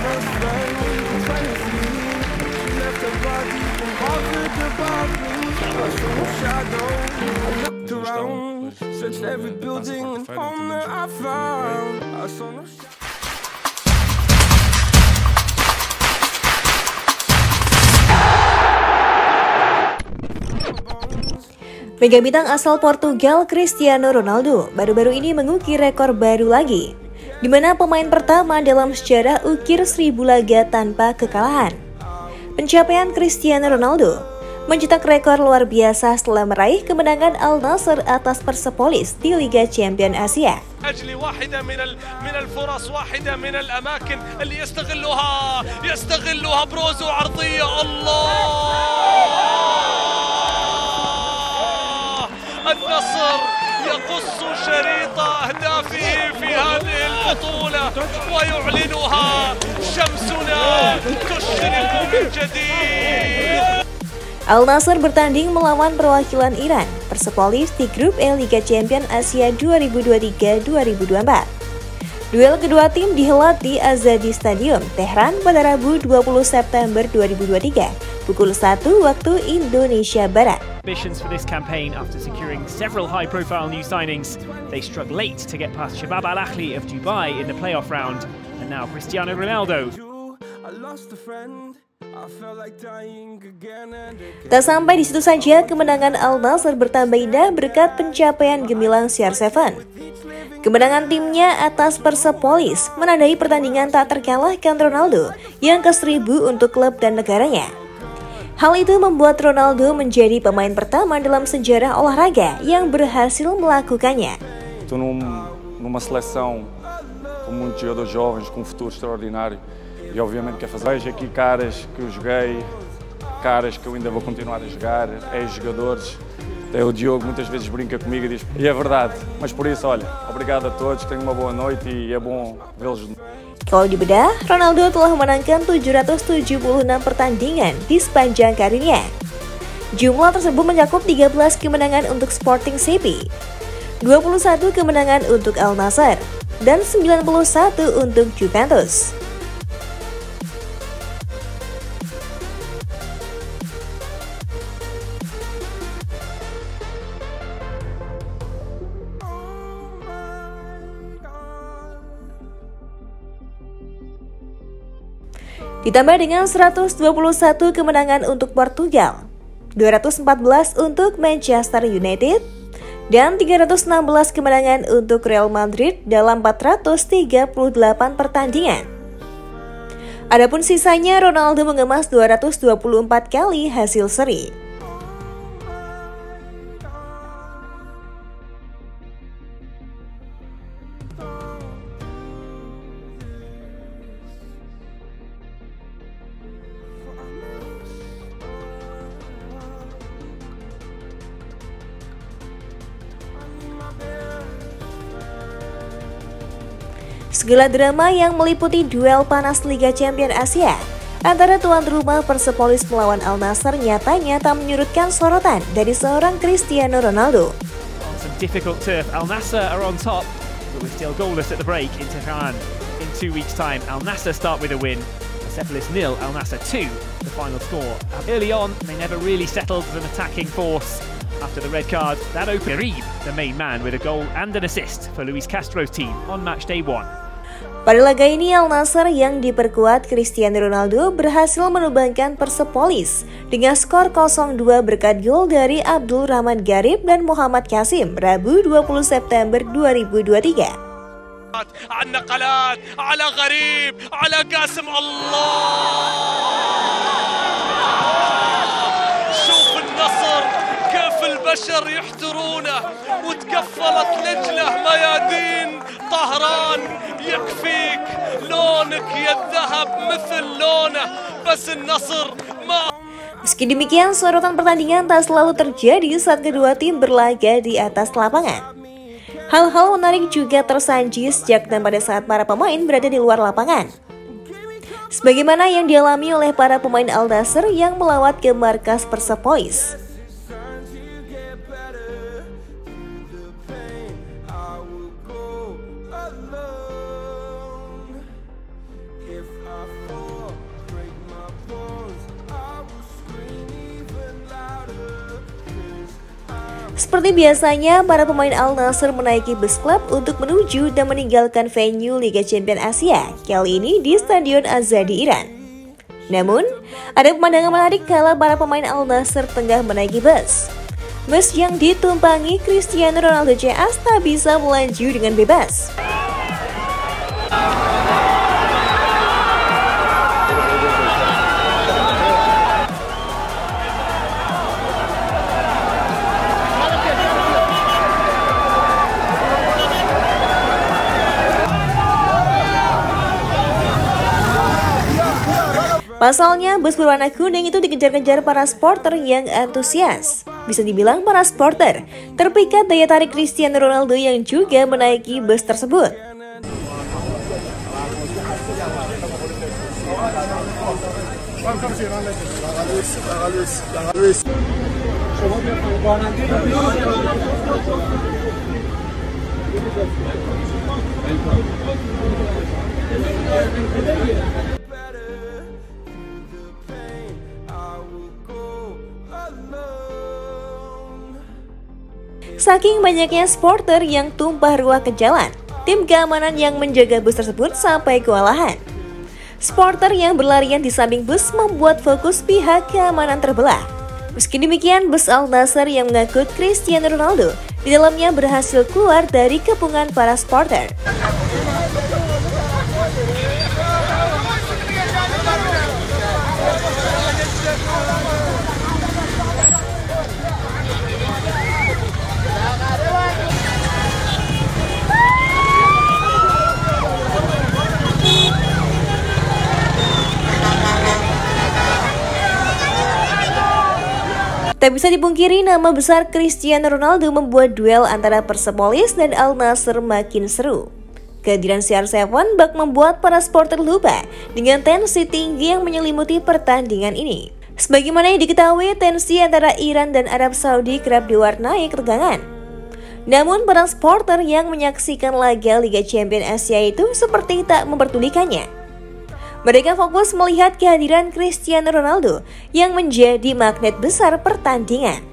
Mega bintang asal Portugal Cristiano Ronaldo baru-baru ini mengukir rekor baru lagi di mana pemain pertama dalam sejarah ukir seribu laga tanpa kekalahan. Pencapaian Cristiano Ronaldo mencetak rekor luar biasa setelah meraih kemenangan Al Nassr atas Persepolis di Liga Champion Asia. يقص شريط أهدافه في هذه البطولة ويعلنها شمسنا تشرق من جديد Al Nasr bertanding melawan perwakilan Iran, Persepolis di grup E Liga Champion Asia 2023-2024. Duel kedua tim dihelat di Azadi Stadium, Tehran pada Rabu 20 September 2023, pukul 1 waktu Indonesia Barat ambitions for this campaign after securing several high-profile new signings. They struck late to get past Shabab Al Ahli of Dubai in the playoff round, and now Cristiano Ronaldo. Tak sampai di situ saja, kemenangan Al Nassr bertambah indah berkat pencapaian gemilang CR7. Kemenangan timnya atas Persepolis menandai pertandingan tak terkalahkan Ronaldo yang ke-1000 untuk klub dan negaranya. Hal itu membuat Ronaldo menjadi pemain pertama dalam sejarah olahraga yang berhasil melakukannya. Estou num, numa seleção com muitos jogadores jovens, com um futuro extraordinário e obviamente quer fazer. Vejo aqui caras que eu joguei, caras que eu ainda vou continuar a jogar, ex-jogadores. Até o Diogo muitas vezes brinca comigo e diz, e é verdade. Mas por isso, olha, obrigado a todos, tenham uma boa noite e é bom vê-los Kalau dibedah, Ronaldo telah menangkan 776 pertandingan di sepanjang karirnya. Jumlah tersebut mencakup 13 kemenangan untuk Sporting CP, 21 kemenangan untuk Al Nassr, dan 91 untuk Juventus. Ditambah dengan 121 kemenangan untuk Portugal, 214 untuk Manchester United, dan 316 kemenangan untuk Real Madrid dalam 438 pertandingan. Adapun sisanya Ronaldo mengemas 224 kali hasil seri. Segala drama yang meliputi duel panas Liga Champion Asia antara tuan rumah Persepolis melawan Al Nassr nyatanya tak menyurutkan sorotan dari seorang Cristiano Ronaldo. Some difficult turf. Al Nassr are on top, but we're still goalless at the break in Tehran. In two weeks' time, Al Nassr start with a win. Persepolis nil, Al Nassr two. The final score. Early on, they never really settled as an attacking force. After the red card, that opened the main man, with a goal and an assist for Luis Castro's team on match day one. Pada laga ini, Al Nasser yang diperkuat Cristiano Ronaldo berhasil menumbangkan Persepolis dengan skor 0-2 berkat gol dari Abdul Rahman Garib dan Muhammad Kasim Rabu 20 September 2023. بشر يحترونه وتقفلت لجله ميادين طهران يكفيك لونك يا الذهب مثل لونه بس النصر ما Meski demikian, sorotan pertandingan tak selalu terjadi saat kedua tim berlaga di atas lapangan. Hal-hal menarik juga tersaji sejak dan pada saat para pemain berada di luar lapangan. Sebagaimana yang dialami oleh para pemain Al Nasr yang melawat ke markas Persepolis. Seperti biasanya, para pemain Al Nassr menaiki bus klub untuk menuju dan meninggalkan venue Liga Champions Asia, kali ini di Stadion Azadi Iran. Namun, ada pemandangan menarik kala para pemain Al Nassr tengah menaiki bus. Bus yang ditumpangi Cristiano Ronaldo CS tak bisa melaju dengan bebas. Pasalnya, bus berwarna kuning itu dikejar-kejar para sporter yang antusias. Bisa dibilang para sporter terpikat daya tarik Cristiano Ronaldo yang juga menaiki bus tersebut. Saking banyaknya supporter yang tumpah ruah ke jalan, tim keamanan yang menjaga bus tersebut sampai kewalahan. Supporter yang berlarian di samping bus membuat fokus pihak keamanan terbelah. Meski demikian, bus Al-Nasr yang mengangkut Cristiano Ronaldo di dalamnya berhasil keluar dari kepungan para supporter. Tak bisa dipungkiri nama besar Cristiano Ronaldo membuat duel antara Persepolis dan Al Nassr makin seru. Kehadiran CR7 bak membuat para supporter lupa dengan tensi tinggi yang menyelimuti pertandingan ini. Sebagaimana yang diketahui, tensi antara Iran dan Arab Saudi kerap diwarnai ketegangan. Namun para supporter yang menyaksikan laga Liga Champions Asia itu seperti tak mempertulikannya. Mereka fokus melihat kehadiran Cristiano Ronaldo yang menjadi magnet besar pertandingan.